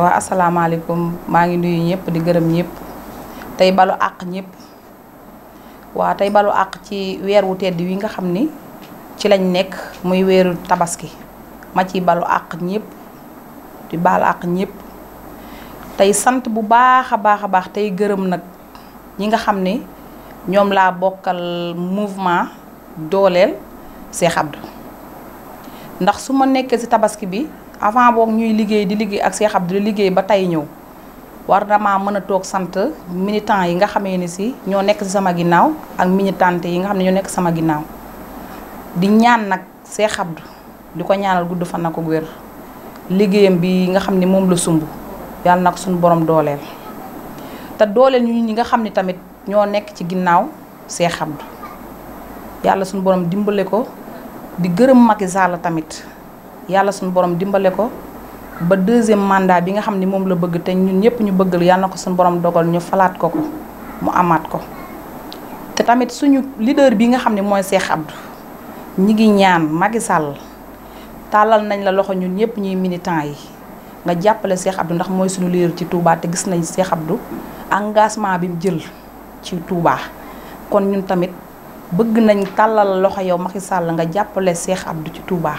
wa alaikum ma ngi nuyu ñepp di gërëm ñepp tay balu ak ñepp wa tay balu ak ci weer wu tedd wi nga xamni ci lañ nekk muy wëru tabaski ma ci balu ak ñepp di bal ak ñepp tay sante bu baaxa baaxa baax tay gërëm nag ñi nga xamni ñom la laa mouvement dolel Cheikh Abdou ndax suma nekk ci tabaski bi avant boog ñuy liggéey di liggéey ak Cheikh Abdou liggéey ba tey ñëw war na mën a toog sant militant yi nga xamee ni si ñoo nekk si sama ginnaaw ak militante yi nga xam ne ñoo nekk sama ginnaaw di ñaan nag Cheikh Abdou di ko ñaanal gudd fan na ko wér liggéeyam bi nga xam ne moom la sumb yàlla na ko suñu borom dooleel te dooleel ñu ñi nga xam ne tamit ñoo nekk ci ginnaaw Cheikh Abdou yàlla suñu borom dimbale ko di gërëm Macky Sall tamit yàlla suñu borom dimbale ko ba deuxième mandat bi nga xam ni moom la bëgg te ñun ñëpp ñu bëggal yàlla na ko suñu borom dogal ñu falaat ko ko mu amaat ko te tamit suñu leader bi nga xam ne mooy seex abdu ñi ngi ñaan Macky Sall tàllal nañ la loxo ñun ñëpp ñuy militant yi nga jàppale Cheikh Abdou ndax mooy suñu leader ci tuubaa te gis nañ Cheikh Abdou engagement bi jël ci Touba kon ñun tamit bëgg nañ tàllal loxo yow Macky Sall nga jàppale Cheikh Abdou ci Touba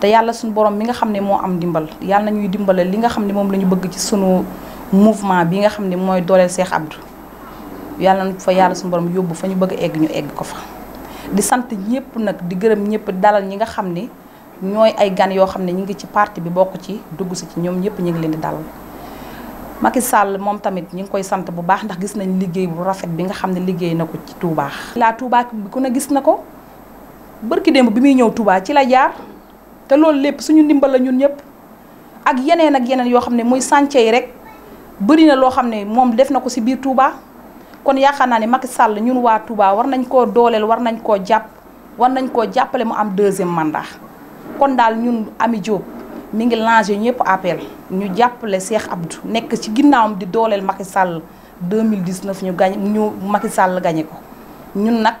te yàlla suñu borom mi nga xam ne moo am dimbal yàlla nañuy dimbale li nga xam ne moom la ñu bëgg ci suñu mouvement bi nga xam ne mooy dooleel Cheikh Abdou yàlla nañ fa yàlla suñu borom yóbbu fa ñu bëgg egg ñu egg ko fa. di sant ñëpp nag di gërëm ñëpp dalal ñi nga xam ni ñooy ay gan yoo xam ne ñu ngi ci parti bi bokk ci dugg si ci ñoom ñëpp ñu ngi leen di dalal. Macky Sall moom tamit ñu ngi koy sant bu baax ndax gis nañ liggéey bu rafet bi nga xam ne liggéey na ko ci Touba. la Touba bi ku ne gis na ko barki démb bi muy ñëw Touba ci la jaar. te loolu lépp suñu ndimbal la ñun ñëpp ak yeneen ak yeneen yoo xam ne muy chantier yi rek bëri na loo xam ne moom def na ko ci biir Touba kon yaakaar naa ne Macky Sall ñun waa Touba war nañ koo dooleel war nañ koo jàpp war nañ koo jàppale mu am deuxième mandat kon daal ñun Ami Diop mi ngi lancé ñëpp appel ñu jàppale Cheikh Abdou nekk ci ginnaawam di dooleel Macky Sall 2019 ñu gañ ñu Macky Sall gañe ko ñun nag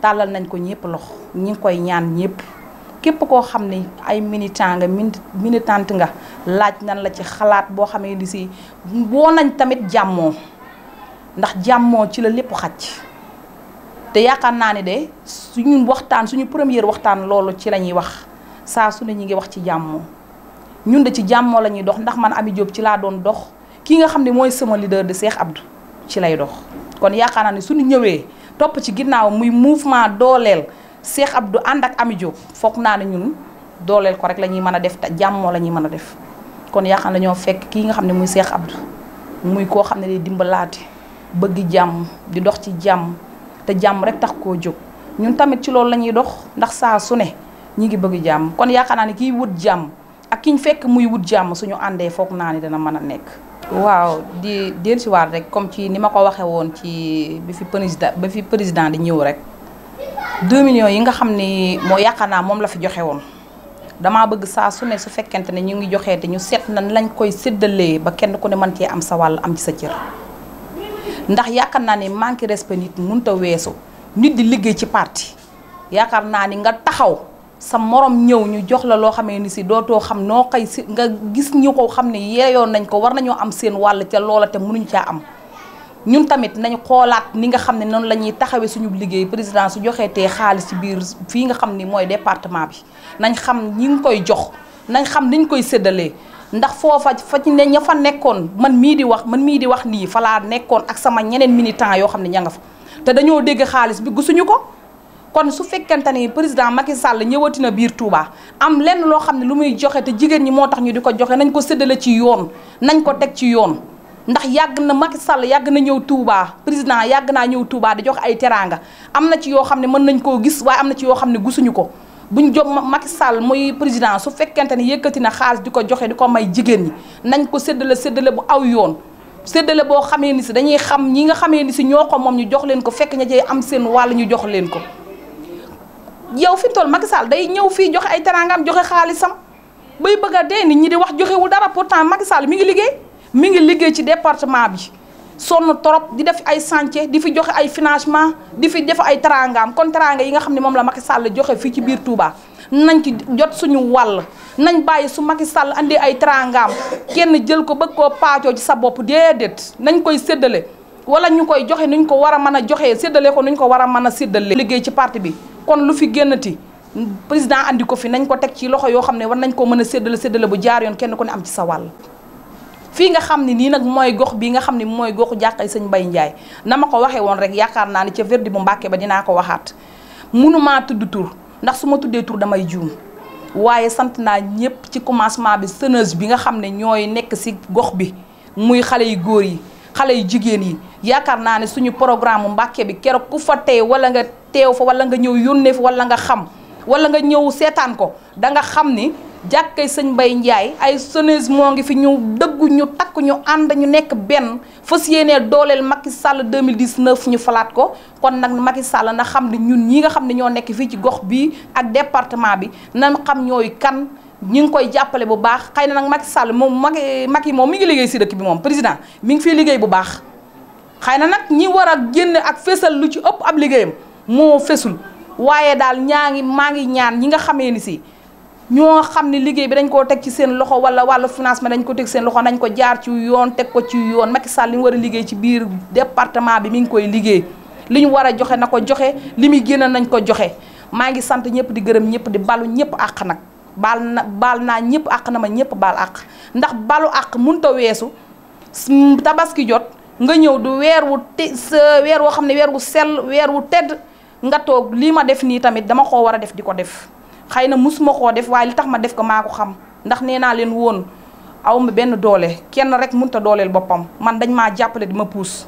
tàllal nañ ko ñëpp loxo ñu ngi koy ñaan ñëpp. képp koo xam ne ay militant nga militante nga laaj nan la ci xalaat boo xamee ni si boo nañ tamit jàmmoo ndax jàmmoo ci la lépp xaj te yaakaar naa ne de suñu waxtaan suñu première waxtaan loolu ci la ñuy wax saa su ne ñu ngi wax ci jàmmoo ñun de ci jàmmoo la ñuy dox ndax man Ami Diop ci laa doon dox ki nga xam ne mooy sama leader de Cheikh Abdou ci lay dox kon yaakaar naa ne suñu ñëwee topp ci ginnaaw muy mouvement dooleel Cheikh Abdou Andak Ami Diop fokk na ne ñun dolel ko rek lañuy mëna def ta jàmmoo la mëna def kon yaakaar nañoo fekk ki nga xam ne muy Cheikh Abdou muy ko xam ne day bëgg jamm di dox ci jamm te jamm rek tax ko jóg ñun tamit ci loolu la dox ndax sa su ne ñi ngi bëgg jamm kon yaakaar na ni ki wut jamm ak kiñ fekk muy wut jamm suñu andé fokk na ni dana mëna nek. nekk. waaw di war rek comme ci nima ko waxé won ci bi fi président bi fi président di ñëw rek. 2 millions yi nga xam ni moo yaakaar naa moom la fi joxe woon damaa bëgg saa su ne su fekkente ne ñu ngi joxee te ñu seet na lañ koy séddalee ba kenn ku ne man cee am sa wàll am ci sa cër ndax yaakaar naa ne manque respect nit mënut a weesu nit di liggéey ci parti yaakaar naa ni nga taxaw sa morom ñëw ñu jox la loo xamee ni si dootoo xam noo xëy si nga gis ñu ko xam ne yeeyoon nañ ko war nañoo am seen wàll ca loola te mënuñ caa am ñun tamit nañu xoolaat ni nga xam ne noonu la ñuy taxawee suñu liggéey président su joxee tee xaalis ci biir fii nga xam ni mooy département bi nañ xam ñi ngi koy jox nañ xam niñ koy séddalee ndax foofa fa ci ne ña fa nekkoon man mii di wax man mii di wax nii fa nekkoon ak sama ñeneen militant yoo xam ne ña nga fa te dañoo dégg xaalis bi gisuñu ko kon su fekkente ni président Macky Sall ñëwati na biir Touba am lenn loo xam ne lu muy joxe te jigéen ñi moo tax ñu di ko joxe nañ ko séddale ci yoon nañ ko teg ci yoon ndax yàgg na Macky Sall yàgg na ñëw tuubaa président yàgg naa ñëw Touba di jox ay teraanga am na ci yoo xam ne mën nañ koo gis waaye am na ci yoo xam ne gusuñu ko buñ jox Macky Sall muy président su fekkente ni yëkkati na xaalis di ko joxe di ko may jigéen ñi nañ ko séddale séddale bu aw yoon séddale boo xamee ni si dañuy xam ñi nga xamee ni si ñoo ko moom ñu jox leen ko fekk ña cay am seen wàll ñu jox leen ko yow fi mu Sall day ñëw fii joxe ay teraangaam joxe xaalisam bay bëgg a dee nit ñi di wax joxewul dara pourtant Macky Sall mi ngi liggéey mi ngi liggéey ci département bi sonn trop di def ay chantier di fi joxe ay financement di fi def ay teraangaam kon teraanga yi nga xam ne moom la Macky Sall joxe fii ci biir Touba nañ ci jot suñu wàll nañ bàyyi su Macky Sall andi ay teraangaam kenn jël ko bëgg koo paacoo ci sa bopp déedéet nañ koy séddale wala ñu koy joxe nuñ ko war a mën a joxe séddale ko nuñ ko war a mën a séddale liggéey ci parti bi kon lu fi ti président andi ko fi nañ ko teg ci loxo yoo xam ne war nañ ko mën a séddale séddale bu jaar yoon kenn ku ne am ci sa wàll fii nga xam ne nii nag mooy gox bii nga xam ne mooy goxu jàkkay sañ mbay Ndiaye na ma ko waxee woon rek yaakaar naa ne ca verdi bu Mbàkke ba dinaa ko waxaat mënumaa tudd tur ndax su ma tuddee tur damay juum waaye sant naa ñëpp ci commencement bi sëneuse bi nga xam ne ñooy nekk si gox bi muy xale yu góor yi xale yu jigéen yi yaakaar naa ne suñu programme Mbàkke bi keroog ku fa tey wala nga teew fa wala nga ñëw yónnee fa wala nga xam wala nga ñëw seetaan ko da nga xam ni jàkkay sañ Mbay Njaay ay sonneuse moo ngi fi ñu dëggu ñu takk ñu ànd ñu nekk benn fas yéenee dooleel Macky Sall 2019 ñu falaat ko kon nag Macky sàll na xam ne ñun ñi nga xam ne ñoo nekk fii ci gox bii ak département bi nan xam ñooy kan ñu ngi koy jàppale bu baax xëy na nag Macky Sall moom Macky Macky moom mi ngi liggéey si dëkk bi moom président mi ngi fi liggéey bu baax xëy na nag ñi war a génn ak fësal lu ci ëpp ab liggéeyam moo fësul waaye daal ñaa ngi maa ngi ñaan ñi nga xamee ni si ño xamni liggey bi dañ ko tek ci seen loxo wala wàllu financement dañ ko tek seen loxo nañ ko jaar ci yoon tek ko ci yoon Macky Sall li wara liggey ci biir département bi mi ngi koy liggey li wara joxe nako ko joxe limi gëna nañ ko joxe ma ngi sante ñepp di gëreem ñepp di balu ak nak bal bal na ñepp ak na ma ñepp bal ak ndax balu àq munta weesu tabaski jot nga ñew du wër wu te wo xamni wër wu sel wër wu tedd nga tok li ma def ni tamit dama ko wara def diko def xëy na musuma koo def waaye li tax ma def ko maa ko xam ndax nee naa leen woon aw ma benn doole kenn rek mun ta dooleel boppam man dañ maa jàppale di ma puus.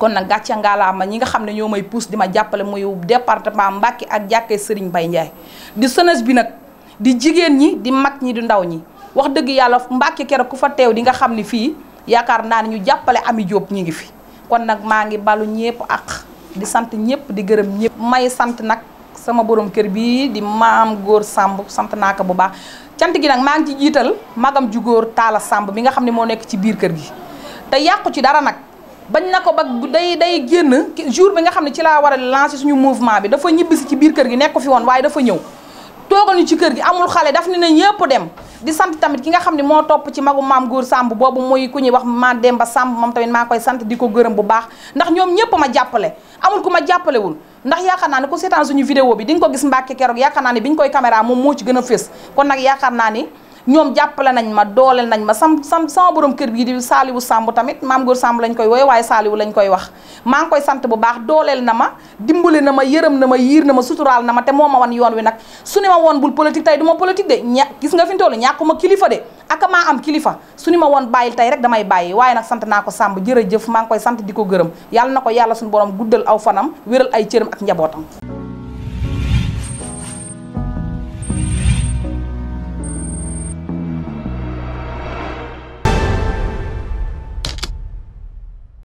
kon nag gàcce ngaalaa ma ñi nga xam ne ñoo may puus di jàppale muy département Mbacké ak jàkkee Serigne Mbaye Ndiaye di jeunesse bi nag di jigéen ñi di mag ñi di ndaw ñi wax dëgg yàlla Mbacké keroog ku fa teew di nga xam ne fii yaakaar naa ne ñu jàppale Ami Diop ñu ngi fi kon nag maa ngi balu ñëpp ak di sant ñëpp di gërëm ñëpp may sant nag. sama borom kër bi di mam gor samb sant naa ko bu baax cyant gi nak ma ngi ci jital magam ju gor tala samb mi nga xamni mo nek ci biir kër gi te yàqu ci dara nak bañ na ko ba day day genn jour bi nga xamni ci la wara lancer suñu mouvement bi dafa ñibisi ci biir kër gi nekk ko fi won waye dafa ñew ci kër gi amul xalé daf ne na ñepp dem di sant tamit ki nga xamni mo top ci magu mam gor samb bobu moy ku ñuy wax ma Demba samb tamit ma koy sant di gëreem bu baax ndax ñom ñepp ma jappalé amul ku ma wul ndax yaakaar naa ne ku seetaan suñu vidéo bi di nga ko gis Mbàkke keroog yaakaar naa ne bi ñu koy caméra moom moo ci gën a fés kon nag yaakaar naa ni ñoom jàppale nañ ma dooleel nañ ma sam sam sama boroom kër bii di Saliwu Samb tamit maam Góor Samb lañ koy wooye waaye Saliwu lañ koy wax maa ngi koy sant bu baax dooleel na ma dimbali na ma yërëm na ma yiir na ma suturaal na ma te moo ma wan yoon wi nag su ni ma woon bul politique tey du ma politique de ña gis nga fi toll ñàkkuma kilifa de ak maa am kilifa su ni ma woon bàyyil tey rek damay bàyyi waaye nag sant naa ko sàmb Samb jëf maa ngi koy sant di gërëm yàlla na ko yàlla suñu borom guddal aw fanam wéral ay cëram ak